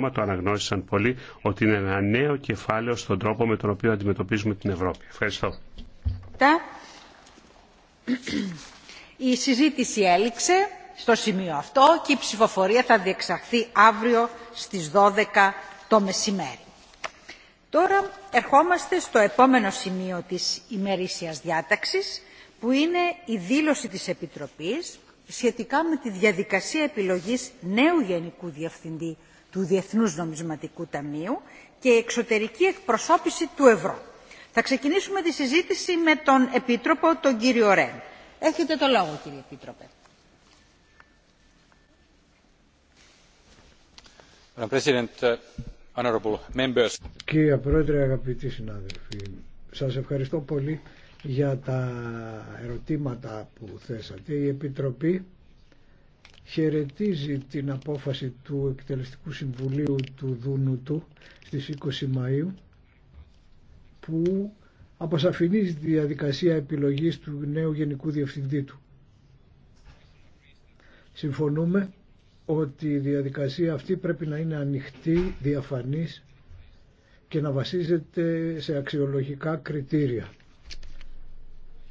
θέμα το αναγνώρισαν πολύ ότι είναι ένα νέο κεφάλαιο στον τρόπο με τον οποίο αντιμετωπίζουμε την Ευρώπη. Ευχαριστώ. Η συζήτηση έληξε στο σημείο αυτό και η ψηφοφορία θα διεξαχθεί αύριο στις 12 το μεσημέρι. Τώρα ερχόμαστε στο επόμενο σημείο της ημερήσιας διάταξης που είναι η δήλωση της Επιτροπής σχετικά με τη διαδικασία επιλογής νέου Γενικού Διευθυντή του Διεθνούς Νομισματικού Ταμείου και η εξωτερική εκπροσώπηση του ευρώ. Θα ξεκινήσουμε τη συζήτηση με τον Επίτροπο, τον κύριο Ρεν. Έχετε το λόγο, κύριε Επίτροπε. Uh, κύριε Πρόεδρε, αγαπητοί συνάδελφοι, σας ευχαριστώ πολύ για τα ερωτήματα που θέσατε. Η Επιτροπή χαιρετίζει την απόφαση του Εκτελεστικού Συμβουλίου του Δούνου του στις 20 Μαΐου που αποσαφηνίζει τη διαδικασία επιλογής του νέου Γενικού Διευθυντή του. Συμφωνούμε ότι η διαδικασία αυτή πρέπει να είναι ανοιχτή, διαφανής και να βασίζεται σε αξιολογικά κριτήρια.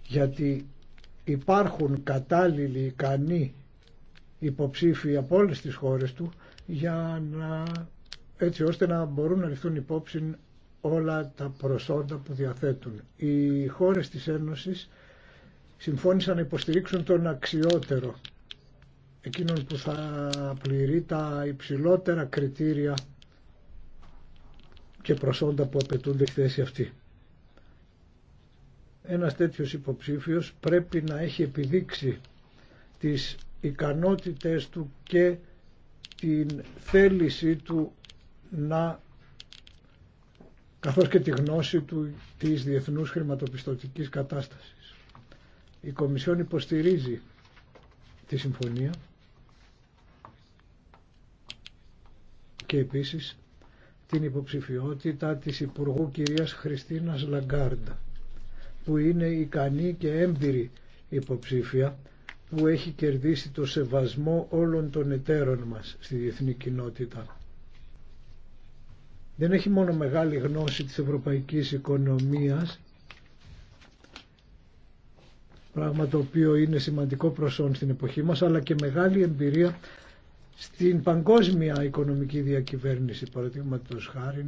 Γιατί υπάρχουν κατάλληλοι ικανοί υποψήφοι από όλε τις χώρες του για να, έτσι ώστε να μπορούν να ληφθούν υπόψη όλα τα προσόντα που διαθέτουν. Οι χώρες της Ένωσης συμφώνησαν να υποστηρίξουν τον αξιότερο, εκείνον που θα πληρεί τα υψηλότερα κριτήρια και προσόντα που απαιτούνται στη θέση αυτή. Ένας τέτοιος υποψήφιος πρέπει να έχει επιδείξει τις ικανότητες του και την θέλησή του να καθώς και τη γνώση του της διεθνούς χρηματοπιστωτικής κατάστασης. Η Κομισιόν υποστηρίζει τη συμφωνία και επίσης την υποψηφιότητα της Υπουργού κυρίας Χριστίνας Λαγκάρντα που είναι ικανή και έμπειρη υποψήφια που έχει κερδίσει το σεβασμό όλων των εταίρων μας στη διεθνή κοινότητα. Δεν έχει μόνο μεγάλη γνώση της ευρωπαϊκής οικονομίας, πράγμα το οποίο είναι σημαντικό προσόν στην εποχή μας, αλλά και μεγάλη εμπειρία στην παγκόσμια οικονομική διακυβέρνηση, παραδείγματος χάρη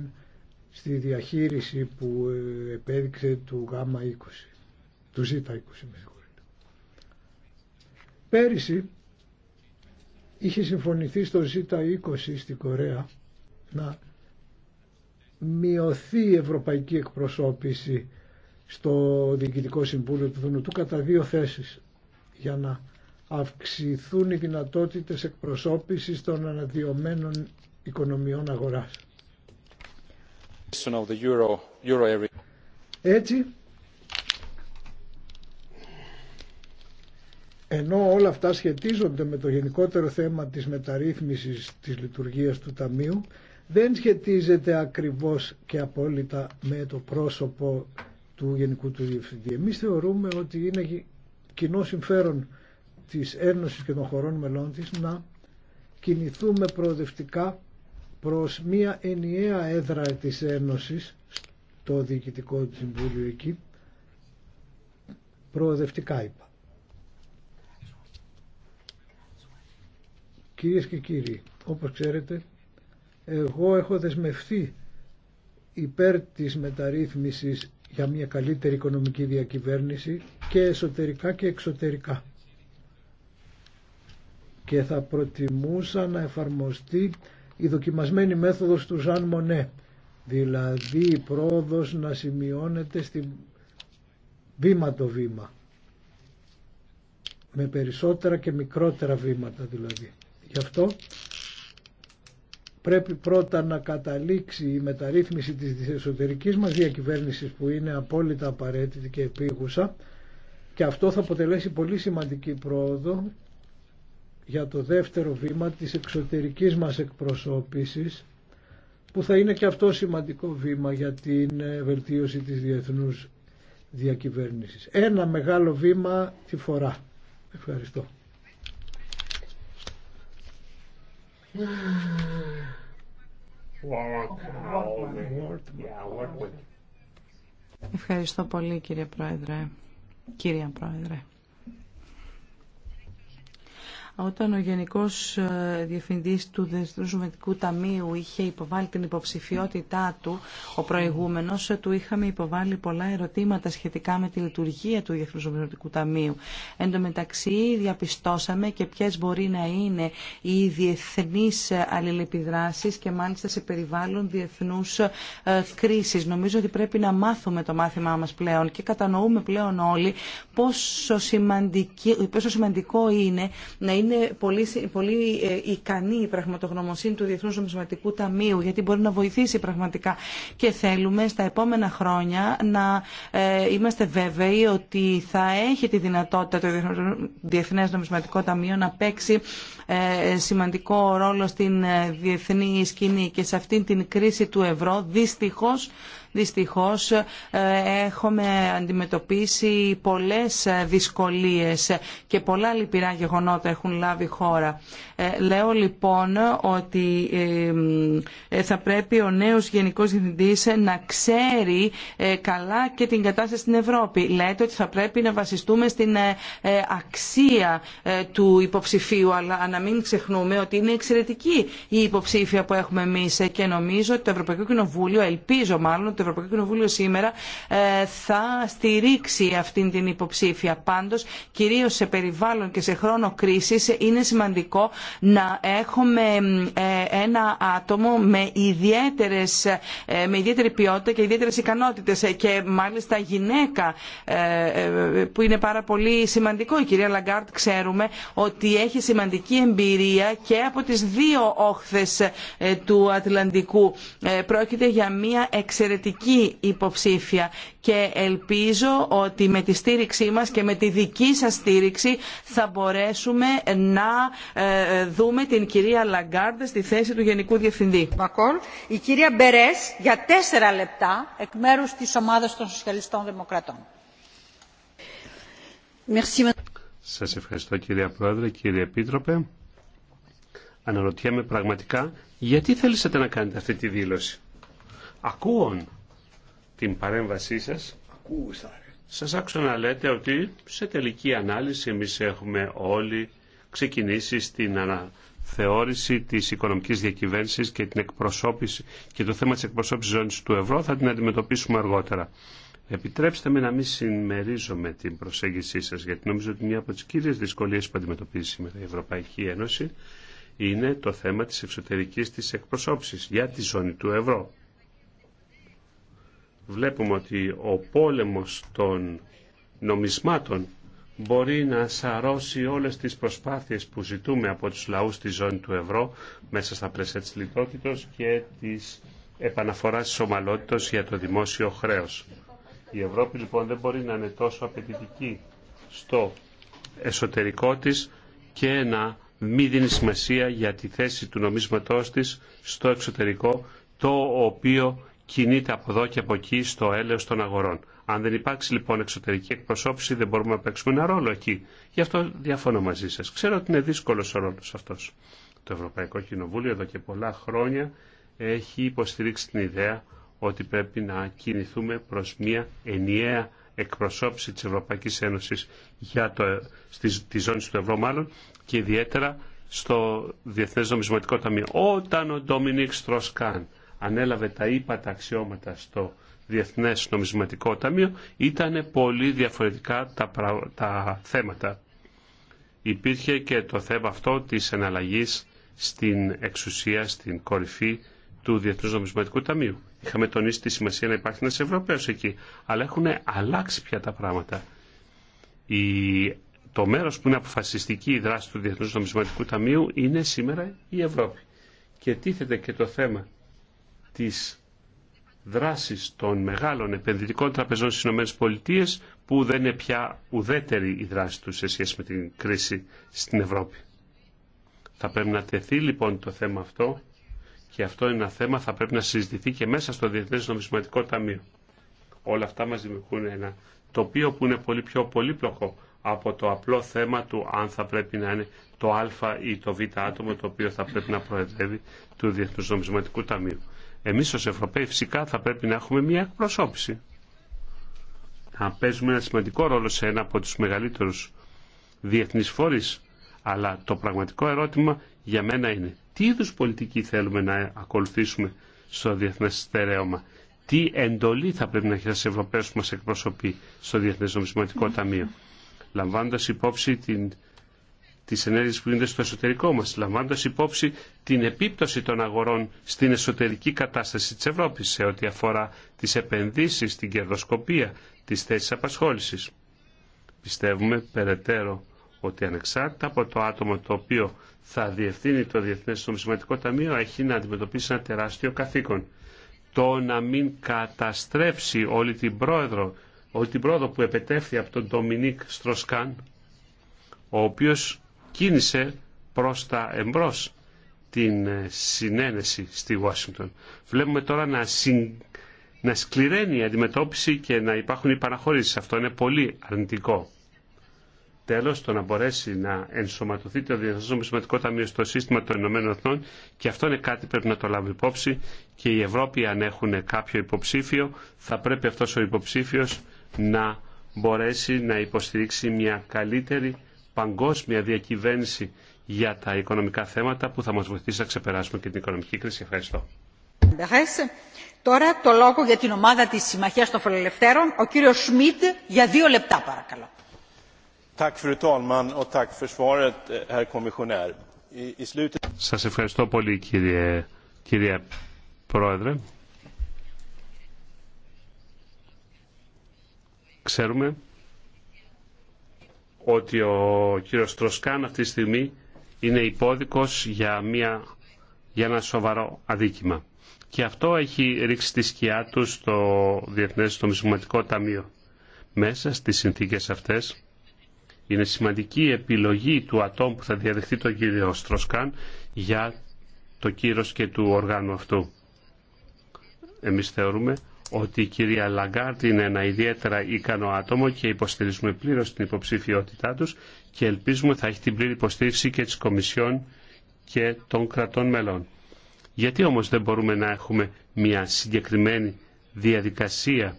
στη διαχείριση που ε, επέδειξε του ΓΑΜΑ 20, του ΖΙΤΑ 20, Πέρυσι είχε συμφωνηθεί στο z 20 στην Κορέα να μειωθεί η ευρωπαϊκή εκπροσώπηση στο Διοικητικό Συμβούλιο του Δουνουτού κατά δύο θέσεις για να αυξηθούν οι δυνατότητες εκπροσώπησης των αναδειωμένων οικονομιών αγοράς. Έτσι, Ενώ όλα αυτά σχετίζονται με το γενικότερο θέμα της μεταρρύθμισης της λειτουργίας του Ταμείου, δεν σχετίζεται ακριβώς και απόλυτα με το πρόσωπο του Γενικού του Διευθυντή. Εμείς θεωρούμε ότι είναι κοινό συμφέρον της Ένωσης και των χωρών μελών της να κινηθούμε προοδευτικά προς μία ενιαία έδρα της Ένωσης στο Διοικητικό Συμβούλιο εκεί, προοδευτικά είπα. Κυρίες και κύριοι, όπως ξέρετε, εγώ έχω δεσμευτεί υπέρ της μεταρρύθμισης για μια καλύτερη οικονομική διακυβέρνηση και εσωτερικά και εξωτερικά. Και θα προτιμούσα να εφαρμοστεί η δοκιμασμένη μέθοδος του Ζαν Μονέ, δηλαδή η πρόοδος να σημειώνεται στη βήμα το βήμα, με περισσότερα και μικρότερα βήματα δηλαδή. Γι' αυτό πρέπει πρώτα να καταλήξει η μεταρρύθμιση της εσωτερικής μας διακυβέρνησης που είναι απόλυτα απαραίτητη και επίγουσα και αυτό θα αποτελέσει πολύ σημαντική πρόοδο για το δεύτερο βήμα της εξωτερικής μας εκπροσώπησης που θα είναι και αυτό σημαντικό βήμα για την ε, βελτίωση της διεθνούς διακυβέρνησης. Ένα μεγάλο βήμα τη φορά. Ευχαριστώ. Ευχαριστώ πολύ κύριε Πρόεδρε. Κύριε Πρόεδρε. Όταν ο Γενικός ε, Διευθυντής του Διευθυντικού Ταμείου είχε υποβάλει την υποψηφιότητά του, ο προηγούμενος ε, του είχαμε υποβάλει πολλά ερωτήματα σχετικά με τη λειτουργία του Διευθυντικού Ταμείου. Εν τω μεταξύ διαπιστώσαμε και ποιες μπορεί να είναι οι διεθνείς ε, αλληλεπιδράσεις και μάλιστα σε περιβάλλον διεθνούς κρίση. Νομίζω ότι πρέπει να μάθουμε το μάθημά μας πλέον και κατανοούμε πλέον όλοι πόσο σημαντικό είναι να είναι είναι πολύ, πολύ ε, ικανή η πραγματογνωμοσύνη του Διεθνούς Νομισματικού Ταμείου γιατί μπορεί να βοηθήσει πραγματικά και θέλουμε στα επόμενα χρόνια να ε, είμαστε βέβαιοι ότι θα έχει τη δυνατότητα το Διεθνές Νομισματικό Ταμείο να παίξει ε, σημαντικό ρόλο στην διεθνή σκηνή και σε αυτήν την κρίση του ευρώ δυστυχώς Δυστυχώς ε, έχουμε αντιμετωπίσει πολλές δυσκολίες και πολλά λυπηρά γεγονότα έχουν λάβει χώρα. Ε, λέω λοιπόν ότι ε, θα πρέπει ο νέος Γενικός Διευθυντής να ξέρει καλά και την κατάσταση στην Ευρώπη. Λέτε ότι θα πρέπει να βασιστούμε στην αξία του υποψηφίου, αλλά να μην ξεχνούμε ότι είναι εξαιρετική η υποψήφια που έχουμε εμείς και νομίζω ότι το Ευρωπαϊκό Κοινοβούλιο, ελπίζω μάλλον, το Ευρωπαϊκό Κοινοβούλιο σήμερα ε, θα στηρίξει αυτήν την υποψήφια. Πάντως, κυρίως σε περιβάλλον και σε χρόνο κρίσης είναι σημαντικό να έχουμε ε, ένα άτομο με, ιδιαίτερες, ε, με ιδιαίτερη ποιότητα και ιδιαίτερες ικανότητες ε, και μάλιστα γυναίκα ε, που είναι πάρα πολύ σημαντικό. Η κυρία Λαγκάρτ ξέρουμε ότι έχει σημαντική εμπειρία και από τις δύο όχθες του Ατλαντικού. Πρόκειται για μια εξαιρετική υποψήφια και ελπίζω ότι με τη στήριξή μας και με τη δική σας στήριξη θα μπορέσουμε να ε, δούμε την κυρία Λαγκάρντε στη θέση του Γενικού Διευθυντή. Η κυρία Μπερές για τέσσερα λεπτά εκ μέρους της ομάδας των Σοσιαλιστών Δημοκρατών. Σας ευχαριστώ κυρία Πρόεδρε, κύριε Επίτροπε. Αναρωτιέμαι πραγματικά γιατί θέλησατε να κάνετε αυτή τη δήλωση. Ακούω την παρέμβασή σας. Ακούσα. Σας άκουσα να λέτε ότι σε τελική ανάλυση εμείς έχουμε όλοι ξεκινήσει στην αναθεώρηση της οικονομικής διακυβέρνησης και την εκπροσώπηση και το θέμα της εκπροσώπησης ζώνης του ευρώ θα την αντιμετωπίσουμε αργότερα. Επιτρέψτε με να μην συμμερίζομαι την προσέγγισή σας, γιατί νομίζω ότι μία από τις κύριες δυσκολίες που αντιμετωπίζει σήμερα η Ευρωπαϊκή Ένωση είναι το θέμα της εξωτερικής της εκπροσώπησης για τη ζώνη του ευρώ βλέπουμε ότι ο πόλεμος των νομισμάτων μπορεί να σαρώσει όλες τις προσπάθειες που ζητούμε από τους λαούς στη ζώνη του ευρώ μέσα στα πλαίσια της λιτότητος και της επαναφοράς της ομαλότητος για το δημόσιο χρέος. Η Ευρώπη λοιπόν δεν μπορεί να είναι τόσο απαιτητική στο εσωτερικό της και να μην δίνει σημασία για τη θέση του νομίσματός της στο εξωτερικό το οποίο κινείται από εδώ και από εκεί στο έλεος των αγορών. Αν δεν υπάρξει λοιπόν εξωτερική εκπροσώπηση δεν μπορούμε να παίξουμε ένα ρόλο εκεί. Γι' αυτό διαφωνώ μαζί σας. Ξέρω ότι είναι δύσκολος ο ρόλος αυτός. Το Ευρωπαϊκό Κοινοβούλιο εδώ και πολλά χρόνια έχει υποστηρίξει την ιδέα ότι πρέπει να κινηθούμε προς μια ενιαία εκπροσώπηση της Ευρωπαϊκής Ένωσης για το, στις, τη ζώνη του ευρώ μάλλον και ιδιαίτερα στο Διεθνές Νομισματικό Ταμείο. Όταν ο Ντόμινικ Στροσκάν ανέλαβε τα ύπατα αξιώματα στο Διεθνές Νομισματικό Ταμείο ήταν πολύ διαφορετικά τα, τα θέματα. Υπήρχε και το θέμα αυτό της εναλλαγής στην εξουσία, στην κορυφή του Διεθνούς Νομισματικού Ταμείου. Είχαμε τονίσει τη σημασία να υπάρχει ένας Ευρωπαίος εκεί, αλλά έχουν αλλάξει πια τα πράγματα. Η... Το μέρος που είναι αποφασιστική η δράση του Διεθνούς Νομισματικού Ταμείου είναι σήμερα η Ευρώπη. Και τίθεται και το θέμα τις δράσεις των μεγάλων επενδυτικών τραπεζών στις ΗΠΑ που δεν είναι πια ουδέτερη η δράση τους σε σχέση με την κρίση στην Ευρώπη. Θα πρέπει να τεθεί λοιπόν το θέμα αυτό και αυτό είναι ένα θέμα θα πρέπει να συζητηθεί και μέσα στο Διεθνές Νομισματικό Ταμείο. Όλα αυτά μας δημιουργούν ένα τοπίο που είναι πολύ πιο πολύπλοκο από το απλό θέμα του αν θα πρέπει να είναι το α ή το β άτομο το οποίο θα πρέπει να προεδρεύει του διεθνού Νομισματικού Ταμείου. Εμείς ως Ευρωπαίοι φυσικά θα πρέπει να έχουμε μια εκπροσώπηση. Να παίζουμε ένα σημαντικό ρόλο σε ένα από τους μεγαλύτερους διεθνείς φορείς. Αλλά το πραγματικό ερώτημα για μένα είναι τι είδου πολιτική θέλουμε να ακολουθήσουμε στο διεθνές στερέωμα. Τι εντολή θα πρέπει να έχει ένα Ευρωπαίο που μας εκπροσωπεί στο Διεθνές Νομισματικό Ταμείο. λαμβάνοντα υπόψη την τι ενέργειε που γίνονται στο εσωτερικό μα, λαμβάνοντα υπόψη την επίπτωση των αγορών στην εσωτερική κατάσταση τη Ευρώπη σε ό,τι αφορά τι επενδύσει, την κερδοσκοπία, τι θέσει απασχόληση. Πιστεύουμε περαιτέρω ότι ανεξάρτητα από το άτομο το οποίο θα διευθύνει το Διεθνές Νομισματικό Ταμείο έχει να αντιμετωπίσει ένα τεράστιο καθήκον. Το να μην καταστρέψει όλη την πρόεδρο, όλη την πρόοδο που επετέφθη από τον Ντομινίκ Στροσκάν, ο οποίος κίνησε προς τα εμπρός την ε, συνένεση στη Ουάσιγκτον. Βλέπουμε τώρα να, να σκληραίνει η αντιμετώπιση και να υπάρχουν οι παραχωρήσεις. Αυτό είναι πολύ αρνητικό. Τέλος, το να μπορέσει να ενσωματωθεί το Διεθνές Νομισματικό Ταμείο στο σύστημα των Ηνωμένων Εθνών και αυτό είναι κάτι που πρέπει να το λάβει υπόψη και η Ευρώπη αν έχουν κάποιο υποψήφιο θα πρέπει αυτός ο υποψήφιος να μπορέσει να υποστηρίξει μια καλύτερη παγκόσμια διακυβέρνηση για τα οικονομικά θέματα που θα μας βοηθήσει να ξεπεράσουμε και την οικονομική κρίση. Ευχαριστώ. Τώρα το λόγο για την ομάδα της Συμμαχίας των Φιλελευθέρων, ο κύριος Σμιτ, για δύο λεπτά παρακαλώ. Σας ευχαριστώ πολύ κύριε, κύριε Πρόεδρε. Ξέρουμε ότι ο κύριος Τροσκάν αυτή τη στιγμή είναι υπόδικος για, μια, για ένα σοβαρό αδίκημα. Και αυτό έχει ρίξει τη σκιά του στο Διεθνές Νομισματικό Ταμείο. Μέσα στις συνθήκες αυτές είναι σημαντική η επιλογή του ατόμου που θα διαδεχθεί τον κύριο Στροσκάν για το κύρος και του οργάνου αυτού. Εμείς θεωρούμε ότι η κυρία Λαγκάρτ είναι ένα ιδιαίτερα ικανό άτομο και υποστηρίζουμε πλήρως την υποψηφιότητά τους και ελπίζουμε θα έχει την πλήρη υποστήριξη και της Κομισιόν και των κρατών μελών. Γιατί όμως δεν μπορούμε να έχουμε μια συγκεκριμένη διαδικασία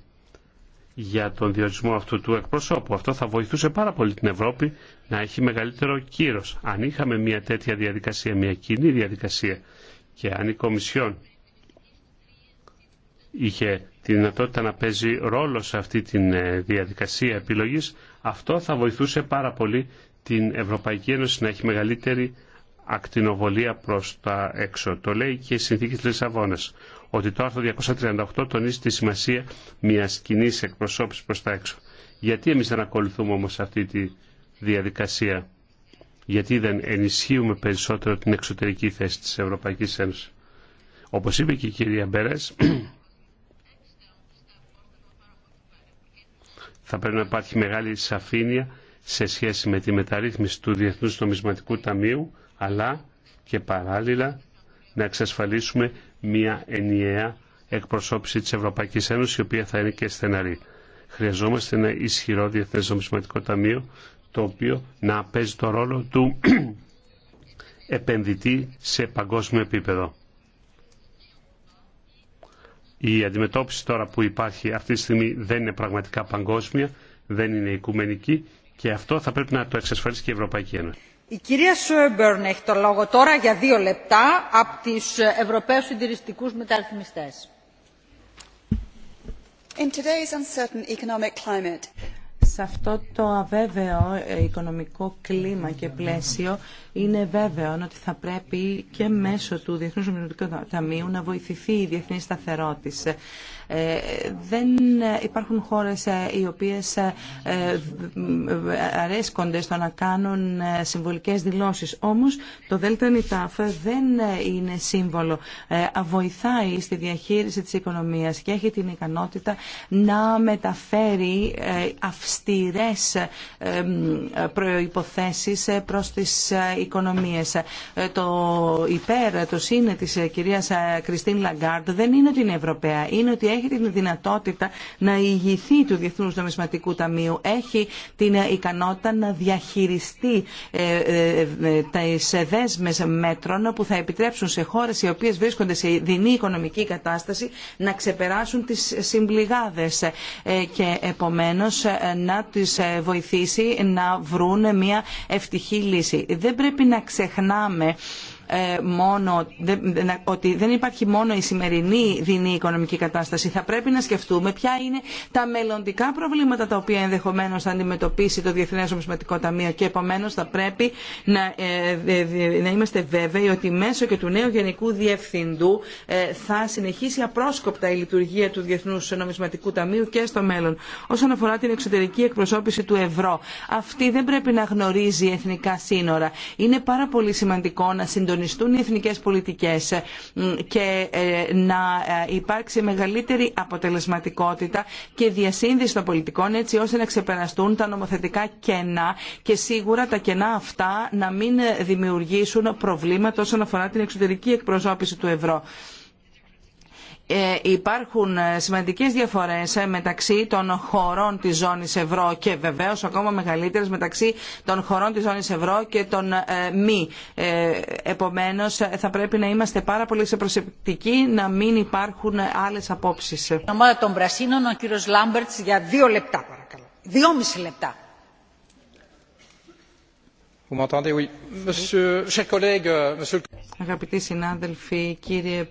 για τον διορισμό αυτού του εκπροσώπου. Αυτό θα βοηθούσε πάρα πολύ την Ευρώπη να έχει μεγαλύτερο κύρος. Αν είχαμε μια τέτοια διαδικασία, μια κοινή διαδικασία και αν η Κομισιόν είχε τη δυνατότητα να παίζει ρόλο σε αυτή τη ε, διαδικασία επιλογής, αυτό θα βοηθούσε πάρα πολύ την Ευρωπαϊκή Ένωση να έχει μεγαλύτερη ακτινοβολία προς τα έξω. Το λέει και η συνθήκη της Λισαβόνας, ότι το άρθρο 238 τονίζει τη σημασία μιας κοινή εκπροσώπησης προς τα έξω. Γιατί εμείς δεν ακολουθούμε όμως αυτή τη διαδικασία, γιατί δεν ενισχύουμε περισσότερο την εξωτερική θέση της Ευρωπαϊκής Ένωσης. Όπως είπε και η κυρία Μπέρες, Θα πρέπει να υπάρχει μεγάλη σαφήνεια σε σχέση με τη μεταρρύθμιση του Διεθνούς Νομισματικού Ταμείου, αλλά και παράλληλα να εξασφαλίσουμε μια ενιαία εκπροσώπηση της Ευρωπαϊκής Ένωσης, η οποία θα είναι και στεναρή. Χρειαζόμαστε ένα ισχυρό Διεθνές Νομισματικό Ταμείο, το οποίο να παίζει το ρόλο του επενδυτή σε παγκόσμιο επίπεδο. Η αντιμετώπιση τώρα που υπάρχει αυτή τη στιγμή δεν είναι πραγματικά παγκόσμια, δεν είναι οικουμενική και αυτό θα πρέπει να το εξασφαλίσει και η Ευρωπαϊκή Ένωση. Η κυρία Σουέμπερν έχει το λόγο τώρα για δύο λεπτά από τις Ευρωπαίους Συντηρητικούς Μεταρρυθμιστές. In today's uncertain economic σε αυτό το αβέβαιο ε, οικονομικό κλίμα και πλαίσιο είναι βέβαιο ότι θα πρέπει και μέσω του Διεθνούς Ομιλωτικού Ταμείου να βοηθηθεί η διεθνή σταθερότηση. Ε, δεν υπάρχουν χώρες ε, οι οποίες ε, αρέσκονται στο να κάνουν συμβολικές δηλώσεις. Όμως το ΔΝΤ δεν είναι σύμβολο. Αβοηθάει στη διαχείριση της οικονομίας και έχει την ικανότητα να μεταφέρει αυστηρές προϋποθέσεις προς τις οικονομίες. Το υπέρ, το σύνε της κυρίας Κριστίν Λαγκάρντ δεν είναι ότι είναι Ευρωπαία, είναι ότι έχει έχει την δυνατότητα να ηγηθεί του Διεθνούς Νομισματικού Ταμείου, έχει την ε, ικανότητα να διαχειριστεί ε, ε, τα δέσμες μέτρων που θα επιτρέψουν σε χώρες οι οποίες βρίσκονται σε δινή οικονομική κατάσταση να ξεπεράσουν τις συμπληγάδες και επομένως να τις βοηθήσει να βρουν μια ευτυχή λύση. Δεν πρέπει να ξεχνάμε ε, ότι δεν υπάρχει μόνο η σημερινή δινή οικονομική κατάσταση. Θα πρέπει να σκεφτούμε ποια είναι τα μελλοντικά προβλήματα τα οποία ενδεχομένω θα αντιμετωπίσει το Διεθνέ Νομισματικό Ταμείο και επομένω θα πρέπει ε, να, είμαστε βέβαιοι ότι μέσω και του νέου Γενικού Διευθυντού ε, θα συνεχίσει απρόσκοπτα η λειτουργία του Διεθνού Νομισματικού Ταμείου και στο μέλλον. Όσον αφορά την εξωτερική εκπροσώπηση του ευρώ, αυτή δεν πρέπει να γνωρίζει εθνικά σύνορα. Είναι πάρα πολύ σημαντικό να συντονιστούν οι εθνικές πολιτικές ε, και ε, να ε, υπάρξει μεγαλύτερη αποτελεσματικότητα και διασύνδεση των πολιτικών έτσι ώστε να ξεπεραστούν τα νομοθετικά κενά και σίγουρα τα κενά αυτά να μην δημιουργήσουν προβλήματα όσον αφορά την εξωτερική εκπροσώπηση του ευρώ. Ε, υπάρχουν ε, σημαντικές διαφορές ε, μεταξύ των χωρών της ζώνης ευρώ και βεβαίως ακόμα μεγαλύτερες μεταξύ των χωρών της ζώνης ευρώ και των μη. Επομένως θα πρέπει να είμαστε πάρα πολύ σε προσεκτικοί να μην υπάρχουν άλλες απόψεις. Ομάδα των Πρασίνων, ο κύριος Λάμπερτς για δύο λεπτά παρακαλώ. Δυόμιση λεπτά. Αγαπητοί συνάδελφοι, κύριε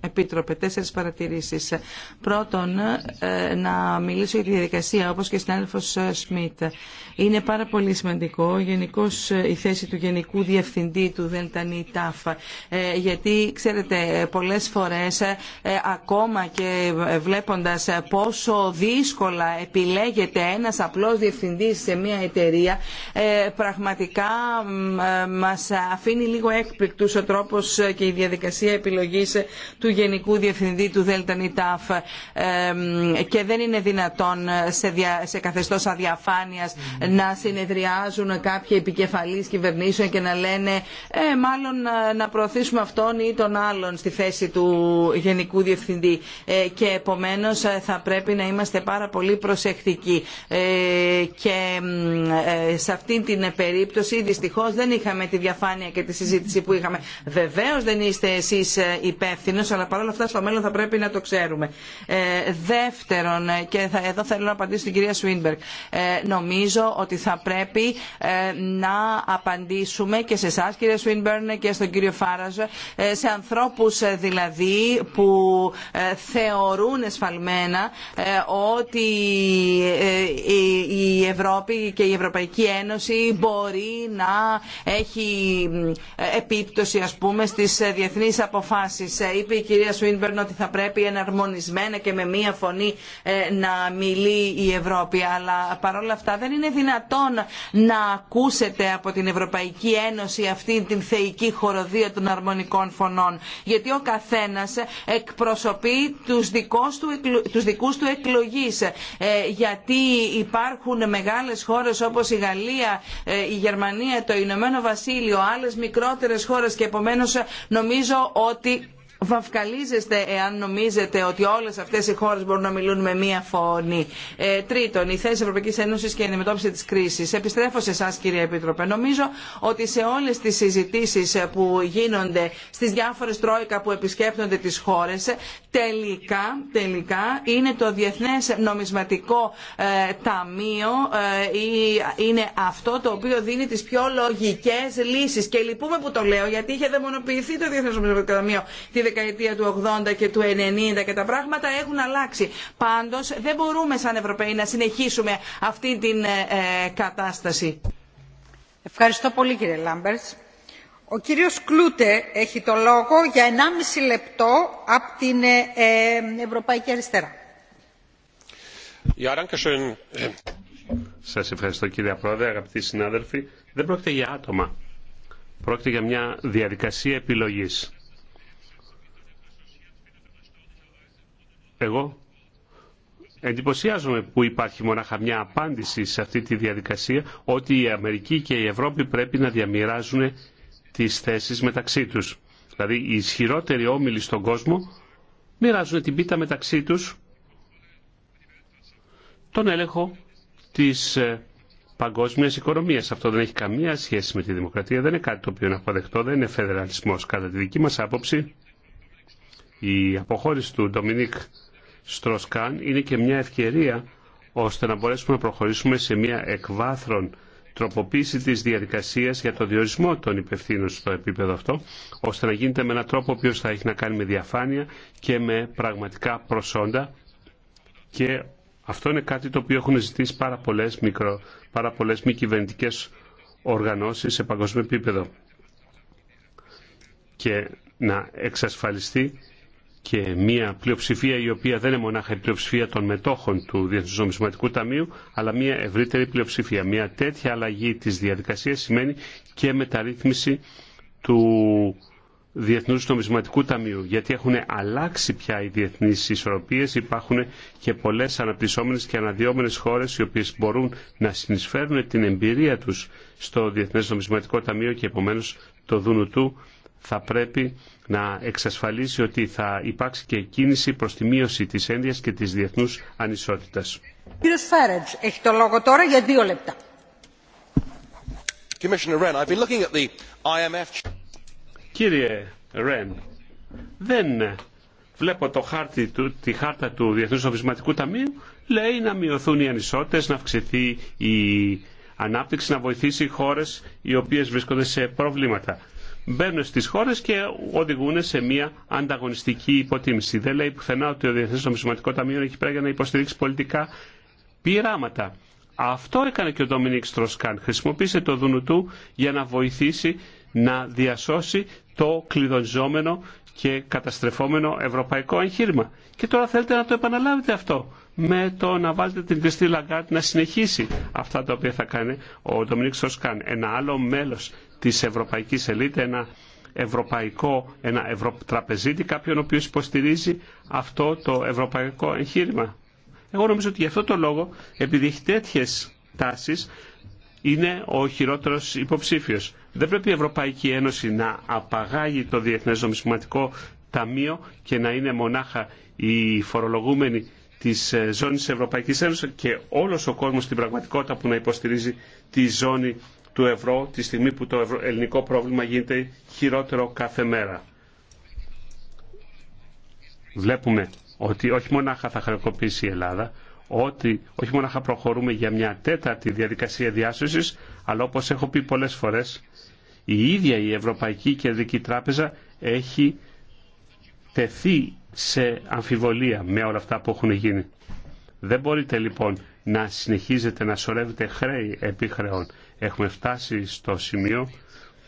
Επίτροπε, τέσσερις παρατηρήσεις. Πρώτον, ε, να μιλήσω για τη διαδικασία, όπως και στην άνθρωπο ε, Σμιτ. Είναι πάρα πολύ σημαντικό ε, η θέση του Γενικού Διευθυντή του ΔΕΛΤΑΝΗ ΤΑΦ. Γιατί, ξέρετε, πολλές φορές, ακόμα και βλέποντας πόσο δύσκολα επιλέγεται ένας απλός διευθυντής σε μια εταιρεία, πραγματικά μας αφήνει λίγο έκπληκτους ο τρόπος και η διαδικασία επιλογής του Γενικού Διευθυντή του νιτάφ και δεν είναι δυνατόν σε, δια, σε καθεστώς αδιαφάνειας να συνεδριάζουν κάποιοι επικεφαλής κυβερνήσεων και να λένε ε, μάλλον να προωθήσουμε αυτόν ή τον άλλον στη θέση του Γενικού Διευθυντή ε, και επομένως ε, θα πρέπει να είμαστε πάρα πολύ προσεκτικοί ε, και ε, σε αυτή την περίπτωση δυστυχώς δεν είχαμε τη διαφάνεια και τη συζήτηση που είχαμε. Βεβαίως δεν είστε εσείς υπεύθυνο, αλλά παρόλα αυτά στο μέλλον θα πρέπει να το ξέρουμε. Ε, δεύτερον, και εδώ θέλω να απαντήσω στην κυρία Σουίνμπεργκ, ε, νομίζω ότι θα πρέπει ε, να απαντήσουμε και σε εσά κυρία Σουίνμπεργκ και στον κύριο Φάραζ, σε ανθρώπους δηλαδή που θεωρούν εσφαλμένα ότι η Ευρώπη και η Ευρωπαϊκή Ένωση μπορεί να έχει επίπτωση ας πούμε στις διεθνείς αποφάσεις. Είπε η κυρία Σουίνμπερν ότι θα πρέπει εναρμονισμένα και με μία φωνή ε, να μιλεί η Ευρώπη. Αλλά παρόλα αυτά δεν είναι δυνατόν να ακούσετε από την Ευρωπαϊκή Ένωση αυτή την θεϊκή χοροδία των αρμονικών φωνών. Γιατί ο καθένας εκπροσωπεί τους, του, τους δικούς του εκλογείς. Ε, γιατί υπάρχουν μεγάλες χώρες όπως η Γαλλία, ε, η Γερμανία, το Ηνωμένο Βασίλειο, άλλες μικρότερες χώρες και επομένως νομίζω ότι βαυκαλίζεστε εάν νομίζετε ότι όλε αυτέ οι χώρε μπορούν να μιλούν με μία φωνή. Ε, τρίτον, η θέση Ευρωπαϊκή Ένωση και η αντιμετώπιση της κρίσης. Επιστρέφω σε εσά, κύριε Επίτροπε. Νομίζω ότι σε όλε τι συζητήσει που γίνονται στι διάφορε τρόικα που επισκέπτονται τι χώρε, τελικά, τελικά είναι το διεθνέ Νομισματικό ε, Ταμείο ε, είναι αυτό το οποίο δίνει τι πιο λογικέ λύσει. Και λυπούμε που το λέω γιατί είχε δαιμονοποιηθεί το Διεθνέ Νομισματικό Ταμείο δεκαετία του 80 και του 90 και τα πράγματα έχουν αλλάξει. Πάντως δεν μπορούμε σαν Ευρωπαίοι να συνεχίσουμε αυτή την ε, ε, κατάσταση. Ευχαριστώ πολύ κύριε Λάμπερτ. Ο κύριος Κλούτε έχει το λόγο για 1,5 λεπτό από την ε, ε, Ευρωπαϊκή Αριστερά. Σας ευχαριστώ κύριε Πρόεδρε, αγαπητοί συνάδελφοι. Δεν πρόκειται για άτομα. Πρόκειται για μια διαδικασία επιλογής. Εγώ εντυπωσιάζομαι που υπάρχει μονάχα μια απάντηση σε αυτή τη διαδικασία ότι η Αμερική και η Ευρώπη πρέπει να διαμοιράζουν τις θέσεις μεταξύ τους. Δηλαδή οι ισχυρότεροι όμιλοι στον κόσμο μοιράζουν την πίτα μεταξύ τους τον έλεγχο της ε, παγκόσμιας οικονομίας. Αυτό δεν έχει καμία σχέση με τη δημοκρατία, δεν είναι κάτι το οποίο είναι αποδεκτό, δεν είναι φεδεραλισμός. Κατά τη δική μας άποψη, η αποχώρηση του Ντομινίκ Στροσκάν είναι και μια ευκαιρία ώστε να μπορέσουμε να προχωρήσουμε σε μια εκβάθρον τροποποίηση της διαδικασίας για το διορισμό των υπευθύνων στο επίπεδο αυτό, ώστε να γίνεται με έναν τρόπο ο θα έχει να κάνει με διαφάνεια και με πραγματικά προσόντα και αυτό είναι κάτι το οποίο έχουν ζητήσει πάρα πολλές, μικρο, πάρα μη κυβερνητικέ οργανώσεις σε παγκόσμιο επίπεδο και να εξασφαλιστεί και μια πλειοψηφία η οποία δεν είναι μονάχα η πλειοψηφία των μετόχων του Διεθνούς Ταμείου, αλλά μια ευρύτερη πλειοψηφία. Μια τέτοια αλλαγή της διαδικασίας σημαίνει και μεταρρύθμιση του Διεθνούς Νομισματικού Ταμείου, γιατί έχουν αλλάξει πια οι διεθνείς ισορροπίες, υπάρχουν και πολλές αναπτυσσόμενες και αναδυόμενες χώρες οι οποίες μπορούν να συνεισφέρουν την εμπειρία τους στο Διεθνές Νομισματικό Ταμείο και επομένως το δούνου του θα πρέπει να εξασφαλίσει ότι θα υπάρξει και κίνηση προς τη μείωση της ένδυας και της διεθνούς ανισότητας. Κύριος έχει το λόγο τώρα για δύο λεπτά. Κύριε Ρεν, δεν βλέπω το χάρτη του, τη χάρτα του Διεθνούς Νομισματικού Ταμείου, λέει να μειωθούν οι ανισότητες, να αυξηθεί η ανάπτυξη, να βοηθήσει οι χώρες οι οποίες βρίσκονται σε προβλήματα μπαίνουν στι χώρε και οδηγούν σε μια ανταγωνιστική υποτίμηση. Δεν λέει πουθενά ότι ο Διεθνές Νομισματικό Ταμείο έχει πέρα για να υποστηρίξει πολιτικά πειράματα. Αυτό έκανε και ο Ντόμινικ Στροσκάν. Χρησιμοποίησε το δούνου του για να βοηθήσει να διασώσει το κλειδονιζόμενο και καταστρεφόμενο ευρωπαϊκό εγχείρημα. Και τώρα θέλετε να το επαναλάβετε αυτό με το να βάλετε την Κριστή Λαγκάρτ να συνεχίσει αυτά τα οποία θα κάνει ο Ντομινίκ Στροσκάν. Ένα άλλο μέλος της ευρωπαϊκής ελίτ, ένα ευρωπαϊκό, ένα κάποιον ο οποίος υποστηρίζει αυτό το ευρωπαϊκό εγχείρημα. Εγώ νομίζω ότι γι' αυτό το λόγο, επειδή έχει τέτοιε τάσεις, είναι ο χειρότερος υποψήφιος. Δεν πρέπει η Ευρωπαϊκή Ένωση να απαγάγει το Διεθνές Νομισματικό Ταμείο και να είναι μονάχα οι φορολογούμενοι τη ε, ζώνη Ευρωπαϊκή Ένωση και όλο ο κόσμο στην πραγματικότητα που να υποστηρίζει τη ζώνη του ευρώ τη στιγμή που το ελληνικό πρόβλημα γίνεται χειρότερο κάθε μέρα. Βλέπουμε ότι όχι μονάχα θα χρεοκοπήσει η Ελλάδα, ότι όχι μονάχα προχωρούμε για μια τέταρτη διαδικασία διάσωσης, αλλά όπως έχω πει πολλές φορές, η ίδια η Ευρωπαϊκή Κεντρική Τράπεζα έχει τεθεί σε αμφιβολία με όλα αυτά που έχουν γίνει. Δεν μπορείτε λοιπόν να συνεχίζεται να σωρεύεται χρέη επί χρεών. Έχουμε φτάσει στο σημείο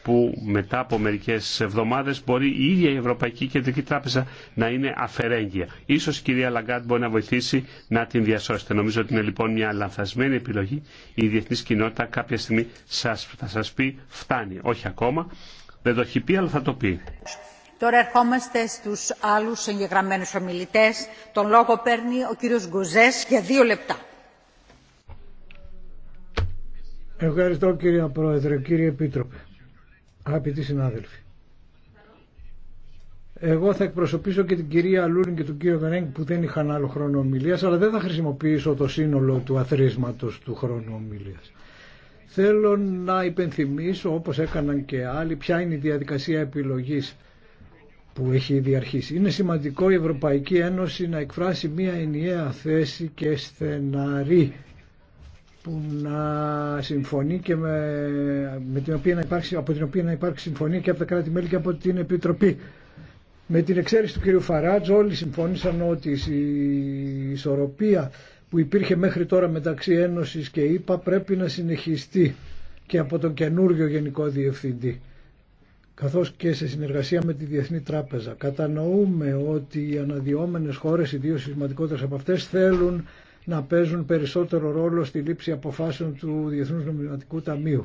που μετά από μερικές εβδομάδες μπορεί η ίδια η Ευρωπαϊκή Κεντρική Τράπεζα να είναι αφαιρέγγια. Ίσως η κυρία Λαγκάτ μπορεί να βοηθήσει να την διασώσετε. Νομίζω ότι είναι λοιπόν μια λανθασμένη επιλογή. Η διεθνή κοινότητα κάποια στιγμή σας, θα σας πει φτάνει. Όχι ακόμα. Δεν το έχει πει αλλά θα το πει. Τώρα ερχόμαστε στους άλλους εγγεγραμμένους ομιλητές. Τον λόγο παίρνει ο κύριος Γκουζές για δύο λεπτά. Ευχαριστώ κύριε Πρόεδρε, κύριε Επίτροπε, αγαπητοί συνάδελφοι. Εγώ θα εκπροσωπήσω και την κυρία Λούριν και τον κύριο Βερέγκ που δεν είχαν άλλο χρόνο ομιλία, αλλά δεν θα χρησιμοποιήσω το σύνολο του αθροίσματο του χρόνου ομιλία. Θέλω να υπενθυμίσω, όπω έκαναν και άλλοι, ποια είναι η διαδικασία επιλογή που έχει ήδη αρχίσει. Είναι σημαντικό η Ευρωπαϊκή Ένωση να εκφράσει μια ενιαία θέση και στεναρή που να συμφωνεί με, με την οποία να υπάρξει, από την οποία να υπάρξει συμφωνία και από τα κράτη-μέλη και από την Επιτροπή. Με την εξαίρεση του κ. Φαράτζ όλοι συμφώνησαν ότι η ισορροπία που υπήρχε μέχρι τώρα μεταξύ Ένωσης και ΕΠΑ πρέπει να συνεχιστεί και από τον καινούργιο Γενικό Διευθυντή καθώς και σε συνεργασία με τη Διεθνή Τράπεζα. Κατανοούμε ότι οι αναδυόμενες χώρες, οι δύο σημαντικότερες από αυτές, θέλουν να παίζουν περισσότερο ρόλο στη λήψη αποφάσεων του Διεθνούς Νομισματικού Ταμείου.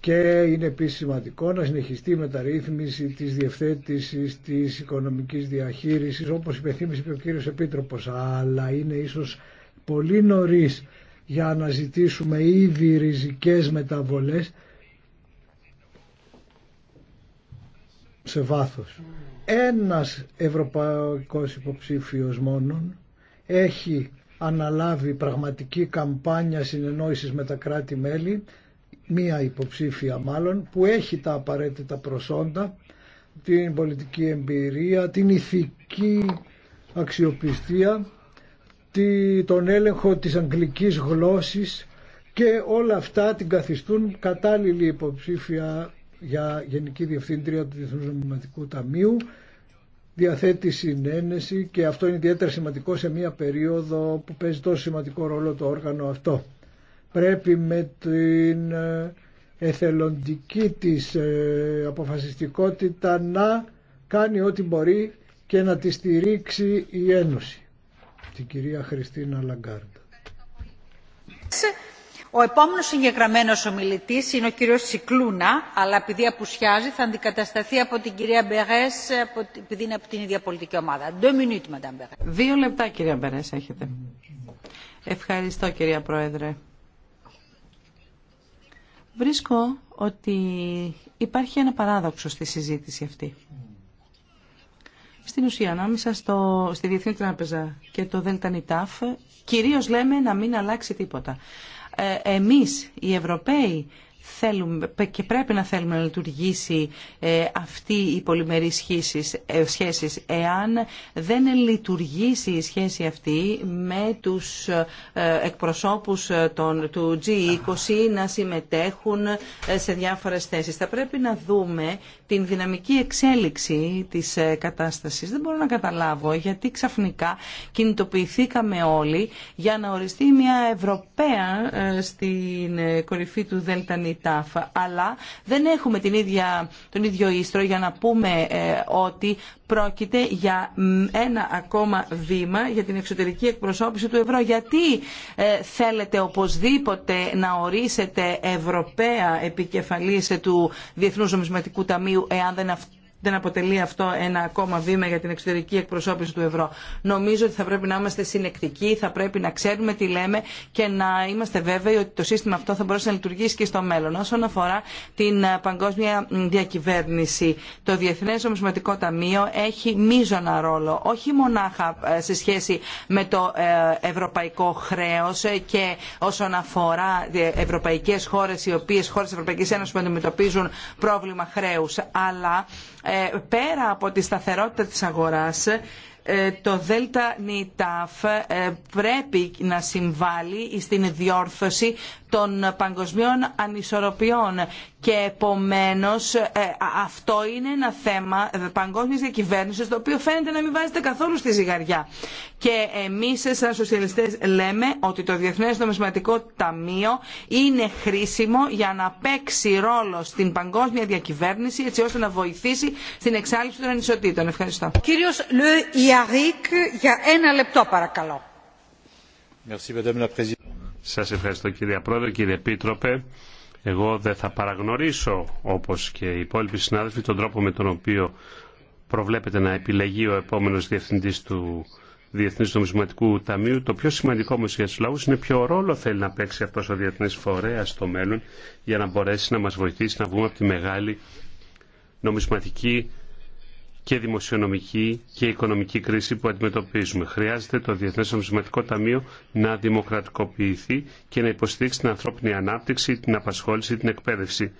Και είναι επίση σημαντικό να συνεχιστεί η μεταρρύθμιση της διευθέτηση, της οικονομικής διαχείρισης όπως υπενθύμησε και ο κύριος επίτροπο. Αλλά είναι ίσως πολύ νωρί για να ζητήσουμε ήδη ριζικές μεταβολές σε βάθος. Ένας ευρωπαϊκός υποψήφιος μόνον έχει αναλάβει πραγματική καμπάνια συνεννόησης με τα κράτη-μέλη, μία υποψήφια μάλλον, που έχει τα απαραίτητα προσόντα, την πολιτική εμπειρία, την ηθική αξιοπιστία, τον έλεγχο της αγγλικής γλώσσης και όλα αυτά την καθιστούν κατάλληλη υποψήφια για Γενική Διευθύντρια του Διεθνούς Ταμείου διαθέτει συνένεση και αυτό είναι ιδιαίτερα σημαντικό σε μια περίοδο που παίζει τόσο σημαντικό ρόλο το όργανο αυτό. Πρέπει με την ε, εθελοντική της ε, αποφασιστικότητα να κάνει ό,τι μπορεί και να τη στηρίξει η Ένωση. Την κυρία Χριστίνα Λαγκάρντα. Ο επόμενος συγγεγραμμένος ομιλητής είναι ο κύριος Σικλούνα, αλλά επειδή απουσιάζει θα αντικατασταθεί από την κυρία Μπερές, επειδή είναι από την ίδια πολιτική ομάδα. Δύο λεπτά κυρία Μπερές έχετε. Ευχαριστώ κυρία Πρόεδρε. Βρίσκω ότι υπάρχει ένα παράδοξο στη συζήτηση αυτή. Στην ουσία, ανάμεσα στο, στη Διεθνή Τράπεζα και το ΔΕΛΤΑΝΙΤΑΦ, κυρίως λέμε να μην αλλάξει τίποτα. Ε, εμείς οι Ευρωπαίοι θέλουμε και πρέπει να θέλουμε να λειτουργήσει ε, αυτή η πολυμερή ε, σχέση εάν δεν λειτουργήσει η σχέση αυτή με τους εκπροσώπους των, του G20 να συμμετέχουν σε διάφορες θέσεις. Θα πρέπει να δούμε την δυναμική εξέλιξη της ε, κατάστασης. Δεν μπορώ να καταλάβω γιατί ξαφνικά κινητοποιηθήκαμε όλοι για να οριστεί μια Ευρωπαία ε, στην ε, κορυφή του Δέλτα αλλά δεν έχουμε την ίδια, τον ίδιο ίστρο για να πούμε ότι πρόκειται για ένα ακόμα βήμα για την εξωτερική εκπροσώπηση του ευρώ. Γιατί ε, θέλετε οπωσδήποτε να ορίσετε Ευρωπαία επικεφαλής του Διεθνούς Νομισματικού Ταμείου εάν δεν αυτό δεν αποτελεί αυτό ένα ακόμα βήμα για την εξωτερική εκπροσώπηση του ευρώ. Νομίζω ότι θα πρέπει να είμαστε συνεκτικοί, θα πρέπει να ξέρουμε τι λέμε και να είμαστε βέβαιοι ότι το σύστημα αυτό θα μπορέσει να λειτουργήσει και στο μέλλον. Όσον αφορά την ε, παγκόσμια διακυβέρνηση, το Διεθνέ Ομισματικό Ταμείο έχει μείζωνα ρόλο, όχι μονάχα ε, σε σχέση με το ε, ευρωπαϊκό χρέο και όσον αφορά ευρωπαϊκέ χώρε, οι οποίε χώρε Ευρωπαϊκή Ένωση που αντιμετωπίζουν πρόβλημα χρέου, αλλά ε, πέρα από τη σταθερότητα της αγοράς ε, το ΔΝΤ ε, πρέπει να συμβάλλει στην διόρθωση των παγκοσμίων ανισορροπιών και επομένως ε, αυτό είναι ένα θέμα παγκόσμια διακυβέρνηση, το οποίο φαίνεται να μην βάζεται καθόλου στη ζυγαριά. Και εμείς σαν σοσιαλιστές λέμε ότι το Διεθνές Νομισματικό Ταμείο είναι χρήσιμο για να παίξει ρόλο στην παγκόσμια διακυβέρνηση έτσι ώστε να βοηθήσει στην εξάλληψη των ανισοτήτων. Ευχαριστώ. Κύριος Λε Ιαρίκ για ένα λεπτό παρακαλώ. Merci, σας ευχαριστώ κύριε Πρόεδρε, κύριε Επίτροπε. Εγώ δεν θα παραγνωρίσω, όπως και οι υπόλοιποι συνάδελφοι, τον τρόπο με τον οποίο προβλέπεται να επιλεγεί ο επόμενος διευθυντής του Διεθνής Νομισματικού Ταμείου. Το πιο σημαντικό όμως για τους λαούς είναι ποιο ρόλο θέλει να παίξει αυτός ο διεθνής φορέας στο μέλλον για να μπορέσει να μας βοηθήσει να βγούμε από τη μεγάλη νομισματική και δημοσιονομική και οικονομική κρίση που αντιμετωπίζουμε. Χρειάζεται το Διεθνές Νομισματικό Ταμείο να δημοκρατικοποιηθεί και να υποστηρίξει την ανθρώπινη ανάπτυξη, την απασχόληση, την εκπαίδευση.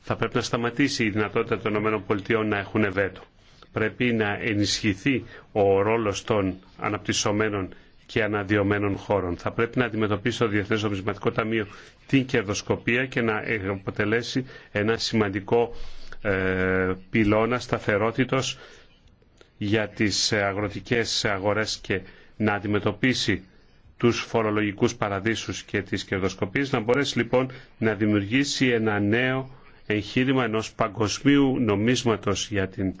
Θα πρέπει να σταματήσει η δυνατότητα των ΗΠΑ να έχουν βέτο. Πρέπει να ενισχυθεί ο ρόλος των αναπτυσσομένων και αναδιωμένων χώρων. Θα πρέπει να αντιμετωπίσει το Διεθνές Νομισματικό Ταμείο την κερδοσκοπία και να αποτελέσει ένα σημαντικό ε, πυλώνα σταθερότητος για τις ε, αγροτικές αγορές και να αντιμετωπίσει τους φορολογικούς παραδείσους και τις κερδοσκοπίες, να μπορέσει λοιπόν να δημιουργήσει ένα νέο εγχείρημα ενός παγκοσμίου νομίσματος για την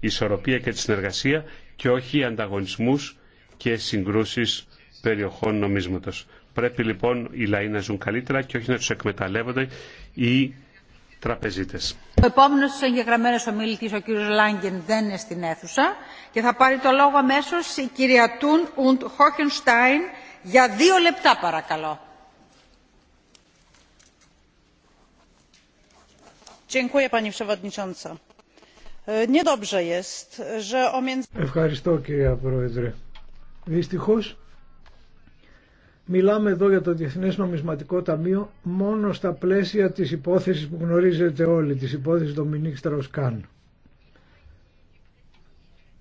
ισορροπία και τη συνεργασία και όχι ανταγωνισμούς και συγκρούσεις περιοχών νομίσματος. Πρέπει λοιπόν οι λαοί να ζουν καλύτερα και όχι να τους εκμεταλλεύονται οι τραπεζίτες. Ο επόμενος εγγεγραμμένος ομιλητής, ο κύριος Λάγκεν, δεν είναι στην αίθουσα και θα πάρει το λόγο αμέσως η κυρία Τούν Ουντ Χόχενστάιν για δύο λεπτά παρακαλώ. E, Ευχαριστώ κυρία Πρόεδρε. Δυστυχώς Μιλάμε εδώ για το Διεθνές Νομισματικό Ταμείο μόνο στα πλαίσια της υπόθεσης που γνωρίζετε όλοι, της υπόθεσης Δομινίκ Στραουσκάν.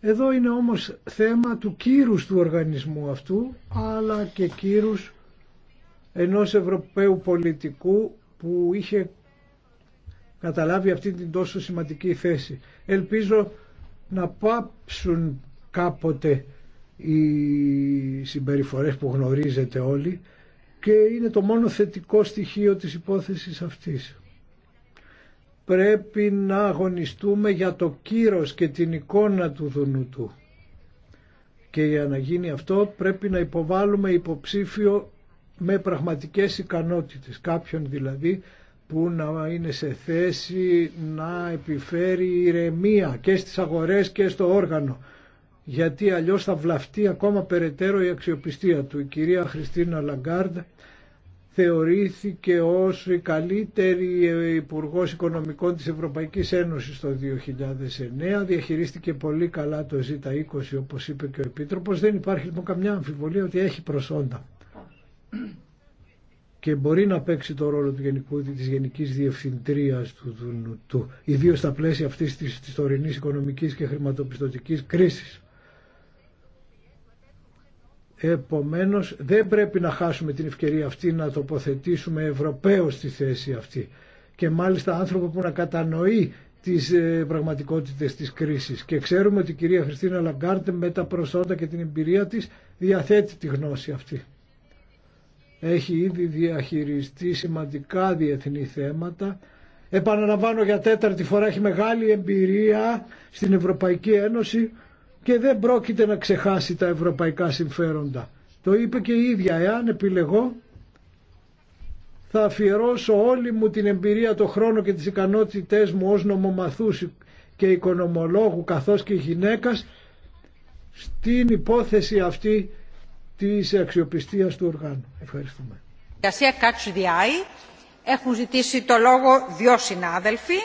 Εδώ είναι όμως θέμα του κύρους του οργανισμού αυτού, αλλά και κύρους ενός Ευρωπαίου πολιτικού που είχε καταλάβει αυτή την τόσο σημαντική θέση. Ελπίζω να πάψουν κάποτε οι συμπεριφορές που γνωρίζετε όλοι και είναι το μόνο θετικό στοιχείο της υπόθεσης αυτής. Πρέπει να αγωνιστούμε για το κύρος και την εικόνα του Δουνουτού. Και για να γίνει αυτό πρέπει να υποβάλουμε υποψήφιο με πραγματικές ικανότητες. Κάποιον δηλαδή που να είναι σε θέση να επιφέρει ηρεμία και στις αγορές και στο όργανο γιατί αλλιώς θα βλαφτεί ακόμα περαιτέρω η αξιοπιστία του. Η κυρία Χριστίνα Λαγκάρντ θεωρήθηκε ως η καλύτερη υπουργό Οικονομικών της Ευρωπαϊκής Ένωσης το 2009. Διαχειρίστηκε πολύ καλά το Z20 όπως είπε και ο Επίτροπος. Δεν υπάρχει λοιπόν καμιά αμφιβολία ότι έχει προσόντα και μπορεί να παίξει το ρόλο του γενικού, της γενικής διευθυντρίας του, του, ιδίως στα πλαίσια αυτής της, της τωρινής οικονομικής και χρηματοπιστωτικής κρίσης. Επομένως δεν πρέπει να χάσουμε την ευκαιρία αυτή να τοποθετήσουμε Ευρωπαίος στη θέση αυτή και μάλιστα άνθρωπο που να κατανοεί τις ε, πραγματικότητες της κρίσης και ξέρουμε ότι η κυρία Χριστίνα Λαγκάρτε με τα προσόντα και την εμπειρία της διαθέτει τη γνώση αυτή. Έχει ήδη διαχειριστεί σημαντικά διεθνή θέματα επαναλαμβάνω για τέταρτη φορά έχει μεγάλη εμπειρία στην Ευρωπαϊκή Ένωση και δεν πρόκειται να ξεχάσει τα ευρωπαϊκά συμφέροντα. Το είπε και η ίδια, εάν επιλεγώ θα αφιερώσω όλη μου την εμπειρία, το χρόνο και τις ικανότητές μου ως νομομαθούς και οικονομολόγου καθώς και γυναίκας στην υπόθεση αυτή της αξιοπιστίας του οργάνου. Ευχαριστούμε. Έχουν ζητήσει το λόγο δύο συνάδελφοι.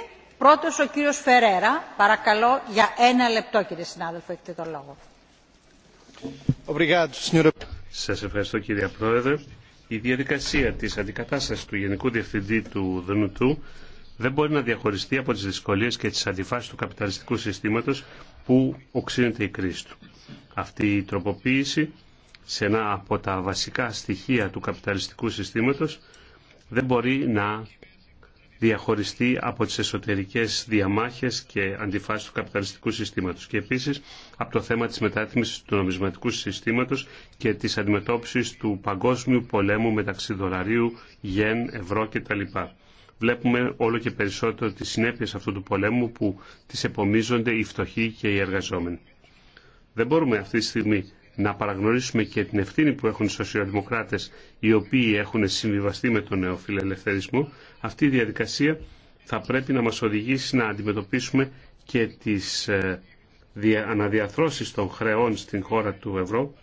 Πρώτος ο κύριος Φερέρα. Παρακαλώ για ένα λεπτό κύριε συνάδελφο. Έχετε τον λόγο. Σας ευχαριστώ κύριε Πρόεδρε. Η διαδικασία της αντικατάστασης του Γενικού Διευθυντή του ΔΝΤ δεν μπορεί να διαχωριστεί από τις δυσκολίες και τις αντιφάσεις του καπιταλιστικού συστήματος που οξύνεται η κρίση του. Αυτή η τροποποίηση σε ένα από τα βασικά στοιχεία του καπιταλιστικού συστήματος δεν μπορεί να διαχωριστεί από τις εσωτερικές διαμάχες και αντιφάσεις του καπιταλιστικού συστήματος και επίσης από το θέμα της μετάθμισης του νομισματικού συστήματος και της αντιμετώπισης του παγκόσμιου πολέμου μεταξύ δολαρίου, γεν, ευρώ κτλ. Βλέπουμε όλο και περισσότερο τις συνέπειες αυτού του πολέμου που τις επομίζονται οι φτωχοί και οι εργαζόμενοι. Δεν μπορούμε αυτή τη στιγμή να παραγνωρίσουμε και την ευθύνη που έχουν οι σοσιαλδημοκράτες οι οποίοι έχουν συμβιβαστεί με τον νεοφιλελευθερισμό, αυτή η διαδικασία θα πρέπει να μας οδηγήσει να αντιμετωπίσουμε και τις ε, αναδιαθρώσεις των χρεών στην χώρα του ευρώ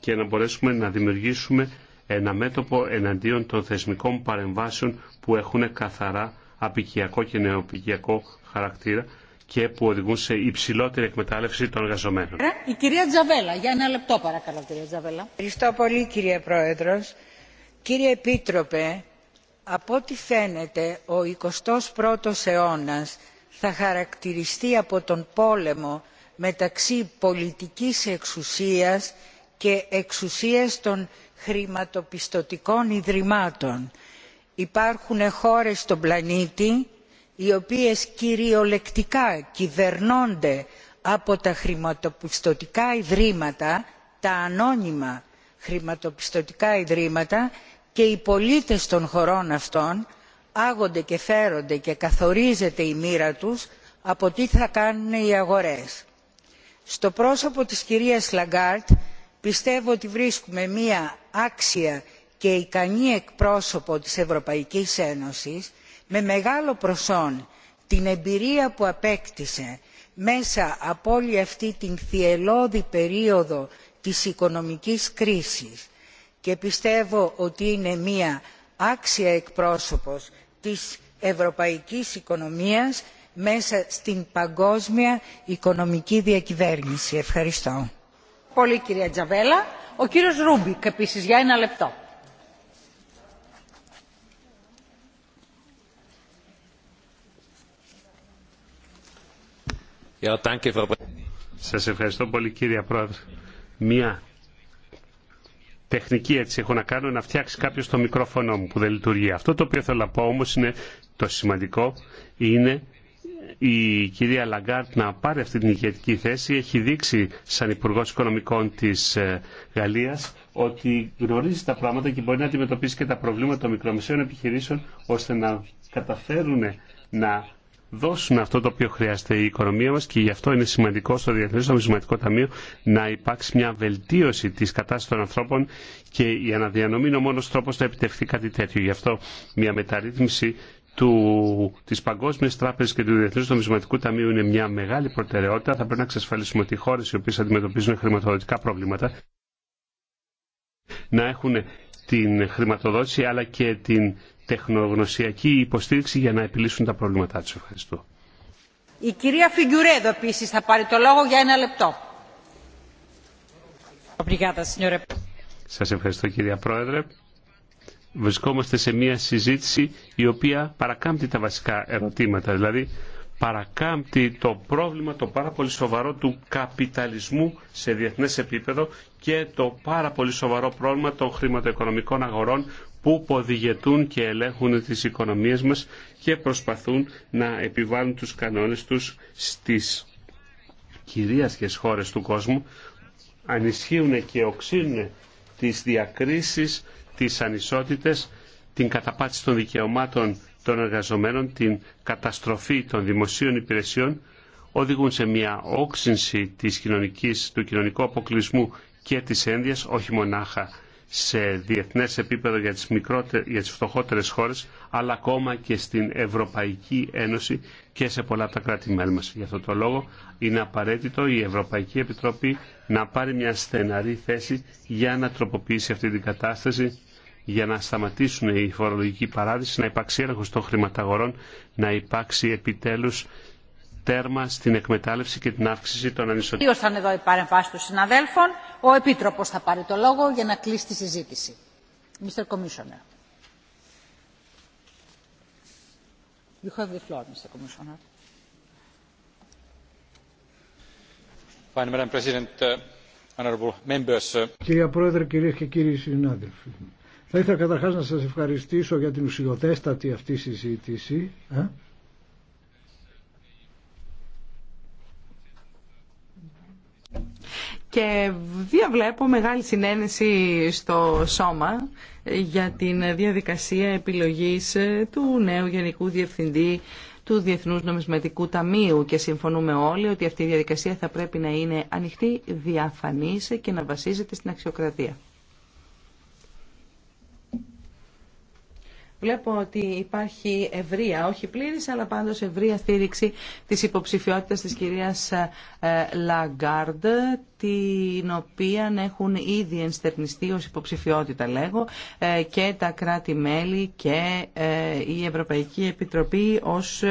και να μπορέσουμε να δημιουργήσουμε ένα μέτωπο εναντίον των θεσμικών παρεμβάσεων που έχουν καθαρά απικιακό και νεοπικιακό χαρακτήρα και που οδηγούν σε υψηλότερη εκμετάλλευση των εργαζομένων. Ε, η κυρία Τζαβέλα, για ένα λεπτό παρακαλώ κυρία Τζαβέλα. Ευχαριστώ πολύ κύριε Πρόεδρος. Κύριε Επίτροπε, από ό,τι φαίνεται ο 21ος αιώνας θα χαρακτηριστεί από τον πόλεμο μεταξύ πολιτικής εξουσίας και εξουσίας των χρηματοπιστωτικών ιδρυμάτων. Υπάρχουν χώρες στον πλανήτη οι οποίες κυριολεκτικά κυβερνώνται από τα χρηματοπιστωτικά ιδρύματα τα ανώνυμα χρηματοπιστωτικά ιδρύματα και οι πολίτες των χωρών αυτών άγονται και φέρονται και καθορίζεται η μοίρα τους από τι θα κάνουν οι αγορές. στο πρόσωπο της κυρίας Λαγκάρτ πιστεύω ότι βρίσκουμε μια άξια και ικανή εκπρόσωπο της ευρωπαϊκής ένωσης με μεγάλο προσόν την εμπειρία που απέκτησε μέσα από όλη αυτή την θυελώδη περίοδο της οικονομικής κρίσης και πιστεύω ότι είναι μια άξια εκπρόσωπος της ευρωπαϊκής οικονομίας μέσα στην παγκόσμια οικονομική διακυβέρνηση. ευχαριστώ. πολύ κυρία τζαβέλα. ο κύριος Ρούμπικ επίσης για ένα λεπτό. Σας ευχαριστώ πολύ κύριε Πρόεδρε. Μία τεχνική έτσι έχω να κάνω να φτιάξει κάποιο το μικρόφωνο μου που δεν λειτουργεί. Αυτό το οποίο θέλω να πω όμως είναι το σημαντικό είναι η κυρία Λαγκάρτ να πάρει αυτή την ηγετική θέση. Έχει δείξει σαν Υπουργό Οικονομικών της ε, Γαλλίας ότι γνωρίζει τα πράγματα και μπορεί να αντιμετωπίσει και τα προβλήματα των μικρομεσαίων επιχειρήσεων ώστε να καταφέρουν να δώσουν αυτό το οποίο χρειάζεται η οικονομία μας και γι' αυτό είναι σημαντικό στο Διεθνέ Νομισματικό Ταμείο να υπάρξει μια βελτίωση της κατάστασης των ανθρώπων και η αναδιανομή είναι ο μόνος τρόπος να επιτευχθεί κάτι τέτοιο. Γι' αυτό μια μεταρρύθμιση του, της Παγκόσμιας και του Διεθνούς Νομισματικού Ταμείου είναι μια μεγάλη προτεραιότητα. Θα πρέπει να εξασφαλίσουμε ότι οι χώρε οι οποίες αντιμετωπίζουν χρηματοδοτικά προβλήματα να έχουν την χρηματοδότηση αλλά και την τεχνογνωσιακή υποστήριξη για να επιλύσουν τα προβλήματά τους. Ευχαριστώ. Η κυρία Φιγκουρέδο επίση θα πάρει το λόγο για ένα λεπτό. Σας ευχαριστώ κυρία Πρόεδρε. Βρισκόμαστε σε μια συζήτηση η οποία παρακάμπτει τα βασικά ερωτήματα, δηλαδή παρακάμπτει το πρόβλημα το πάρα πολύ σοβαρό του καπιταλισμού σε διεθνές επίπεδο και το πάρα πολύ σοβαρό πρόβλημα των χρηματοοικονομικών αγορών που ποδηγετούν και ελέγχουν τις οικονομίες μας και προσπαθούν να επιβάλλουν τους κανόνες τους στις κυρίαρχες χώρες του κόσμου, ανισχύουν και οξύνουν τις διακρίσεις, τις ανισότητες, την καταπάτηση των δικαιωμάτων των εργαζομένων, την καταστροφή των δημοσίων υπηρεσιών, οδηγούν σε μια όξυνση της κοινωνικής, του κοινωνικού αποκλεισμού και της ένδυας, όχι μονάχα σε διεθνές επίπεδο για τις, μικρότερες, για τις φτωχότερες χώρες, αλλά ακόμα και στην Ευρωπαϊκή Ένωση και σε πολλά από τα κράτη-μέλη μας. Γι' αυτό το λόγο είναι απαραίτητο η Ευρωπαϊκή Επιτροπή να πάρει μια στεναρή θέση για να τροποποιήσει αυτή την κατάσταση, για να σταματήσουν οι φορολογικοί παράδεισοι, να υπάρξει έλεγχο των χρηματαγορών, να υπάρξει επιτέλους τέρμα στην εκμετάλλευση και την αύξηση των ανισοτήτων. θα είναι εδώ η παρεμβάση των συναδέλφων. Ο Επίτροπος θα πάρει το λόγο για να κλείσει τη συζήτηση. Mr. Commissioner. You have the floor, Mr. Commissioner. Fine, Madam President, uh, honorable members. Uh, Κυρία Πρόεδρε, κυρίες και κύριοι συνάδελφοι. Θα ήθελα καταρχάς να σας ευχαριστήσω για την ουσιοδέστατη αυτή συζήτηση. Ε? και διαβλέπω μεγάλη συνένεση στο σώμα για την διαδικασία επιλογής ε, του νέου Γενικού Διευθυντή του Διεθνούς Νομισματικού Ταμείου και συμφωνούμε όλοι ότι αυτή η διαδικασία θα πρέπει να είναι ανοιχτή, διαφανής και να βασίζεται στην αξιοκρατία. Βλέπω ότι υπάρχει ευρεία, όχι πλήρης, αλλά πάντως ευρεία στήριξη της υποψηφιότητα της κυρίας ε, ε, Λαγκάρντ, την οποία έχουν ήδη ενστερνιστεί ω υποψηφιότητα, λέγω, ε, και τα κράτη-μέλη και η Ευρωπαϊκή Επιτροπή ως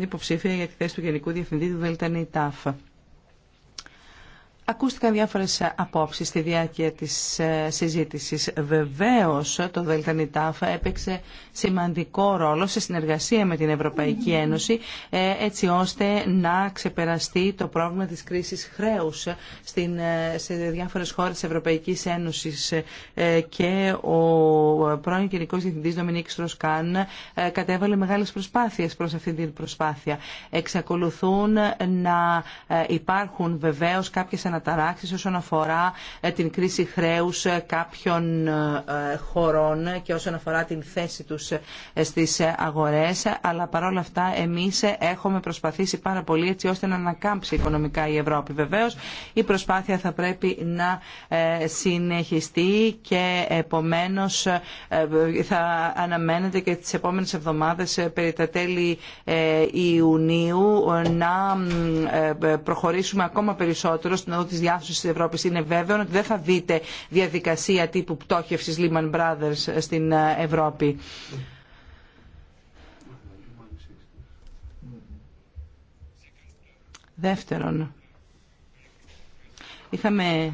υποψήφια για τη θέση του Γενικού Διευθυντή του Τάφα. Ακούστηκαν διάφορε απόψει στη διάρκεια της ε, συζήτησης. Βεβαίω το Δελτανιτάφα έπαιξε σημαντικό ρόλο σε συνεργασία με την Ευρωπαϊκή Ένωση ε, έτσι ώστε να ξεπεραστεί το πρόβλημα της κρίσης χρέους ε, σε διάφορες χώρες τη Ευρωπαϊκής Ένωσης και ο πρώην κενικό Διευθυντή Δομινίκης Ροσκάν κατέβαλε μεγάλε προσπάθειε προ αυτή την προσπάθεια. Εξακολουθούν να υπάρχουν βεβαίω κάποιε αναταράξεις όσον αφορά ε, την κρίση χρέους ε, κάποιων ε, χωρών και όσον αφορά την θέση τους στις αγορές, αλλά παρόλα αυτά εμείς έχουμε προσπαθήσει πάρα πολύ έτσι ώστε να ανακάμψει οικονομικά η Ευρώπη. Βεβαίως η προσπάθεια θα πρέπει να συνεχιστεί και επομένως θα αναμένεται και τις επόμενες εβδομάδες περί τα τέλη Ιουνίου να προχωρήσουμε ακόμα περισσότερο Τη της τη της Ευρώπη είναι βέβαιο ότι δεν θα δείτε διαδικασία τύπου πτώχευσης Lehman Brothers στην ε, Ευρώπη. Δεύτερον, είχαμε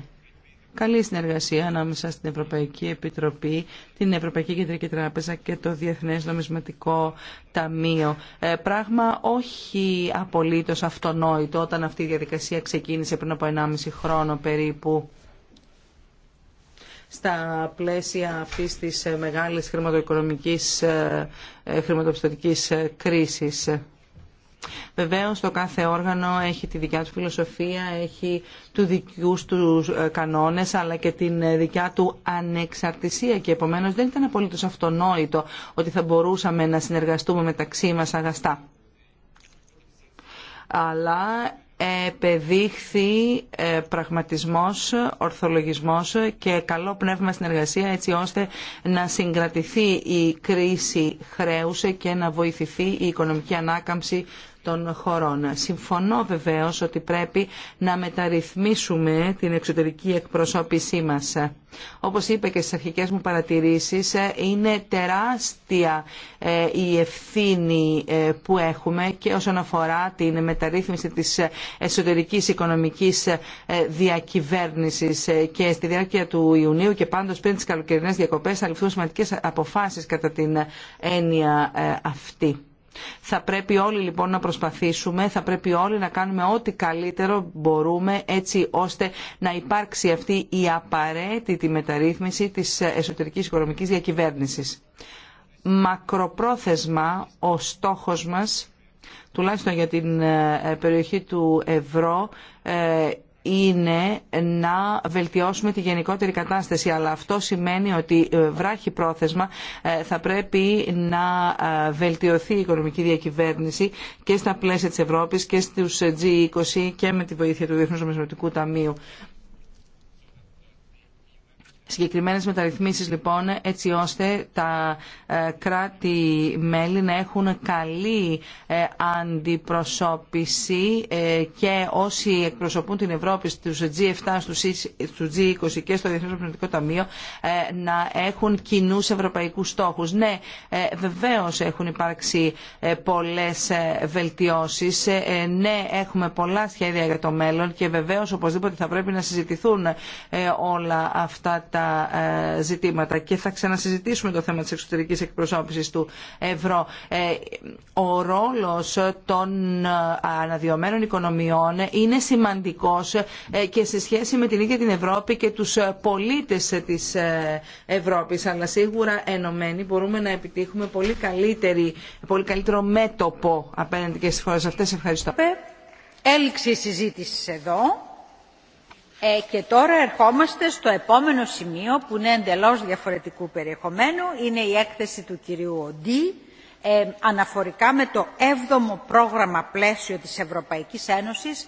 καλή συνεργασία ανάμεσα στην Ευρωπαϊκή Επιτροπή, την Ευρωπαϊκή Κεντρική Τράπεζα και το Διεθνές Νομισματικό Ταμείο. Ε, πράγμα όχι απολύτως αυτονόητο όταν αυτή η διαδικασία ξεκίνησε πριν από 1,5 χρόνο περίπου στα πλαίσια αυτής της μεγάλης χρηματοοικονομικής ε, ε, χρηματοπιστωτικής κρίσης. Βεβαίως το κάθε όργανο έχει τη δικιά του φιλοσοφία, έχει του δικιούς του ε, κανόνες αλλά και την ε, δικιά του ανεξαρτησία και επομένως δεν ήταν απολύτω αυτονόητο ότι θα μπορούσαμε να συνεργαστούμε μεταξύ μα αγαστά. Αλλά επεδείχθη ε, πραγματισμός, ορθολογισμός και καλό πνεύμα στην εργασία έτσι ώστε να συγκρατηθεί η κρίση χρέους και να βοηθηθεί η οικονομική ανάκαμψη των χωρών. Συμφωνώ βεβαίως ότι πρέπει να μεταρρυθμίσουμε την εξωτερική εκπροσώπησή μας. Όπως είπε και στις αρχικές μου παρατηρήσεις, είναι τεράστια ε, η ευθύνη ε, που έχουμε και όσον αφορά την μεταρρύθμιση της εσωτερικής οικονομικής ε, διακυβέρνησης και στη διάρκεια του Ιουνίου και πάντως πριν τις καλοκαιρινές διακοπές θα ληφθούν σημαντικές αποφάσεις κατά την έννοια αυτή. Θα πρέπει όλοι λοιπόν να προσπαθήσουμε, θα πρέπει όλοι να κάνουμε ό,τι καλύτερο μπορούμε έτσι ώστε να υπάρξει αυτή η απαραίτητη μεταρρύθμιση της εσωτερικής οικονομικής διακυβέρνησης. Μακροπρόθεσμα ο στόχος μας τουλάχιστον για την ε, περιοχή του ευρώ ε, είναι να βελτιώσουμε τη γενικότερη κατάσταση αλλά αυτό σημαίνει ότι ε, βράχει πρόθεσμα ε, θα πρέπει να ε, βελτιωθεί η οικονομική διακυβέρνηση και στα πλαίσια της Ευρώπης και στους G20 και με τη βοήθεια του Διεθνούς Νομισματικού Ταμείου. Συγκεκριμένε μεταρρυθμίσει, λοιπόν έτσι ώστε τα ε, κράτη-μέλη να έχουν καλή ε, αντιπροσώπηση ε, και όσοι εκπροσωπούν την Ευρώπη στους G7, στους G20 και στο Διεθνές Πνευματικό Ταμείο να έχουν κοινού ευρωπαϊκού στόχου. Ναι, βεβαίω έχουν υπάρξει πολλές βελτιώσεις. Ναι, έχουμε πολλά σχέδια για το μέλλον και βεβαίω οπωσδήποτε θα πρέπει να συζητηθούν όλα αυτά τα τα ε, ζητήματα και θα ξανασυζητήσουμε το θέμα της εξωτερικής εκπροσώπησης του ευρώ. Ε, ο ρόλος των ε, αναδειωμένων οικονομιών είναι σημαντικός και σε σχέση με την ίδια την Ευρώπη και τους πολίτες της Ευρώπης. Αλλά σίγουρα ενωμένοι μπορούμε να επιτύχουμε πολύ, καλύτερη, πολύ καλύτερο μέτωπο απέναντι και στις χώρες αυτές. Ευχαριστώ. Έληξε η συζήτηση εδώ ε, και τώρα ερχόμαστε στο επόμενο σημείο που είναι εντελώς διαφορετικού περιεχομένου. Είναι η έκθεση του κυρίου Οντί ε, αναφορικά με το 7ο πρόγραμμα πλαίσιο της Ευρωπαϊκής Ένωσης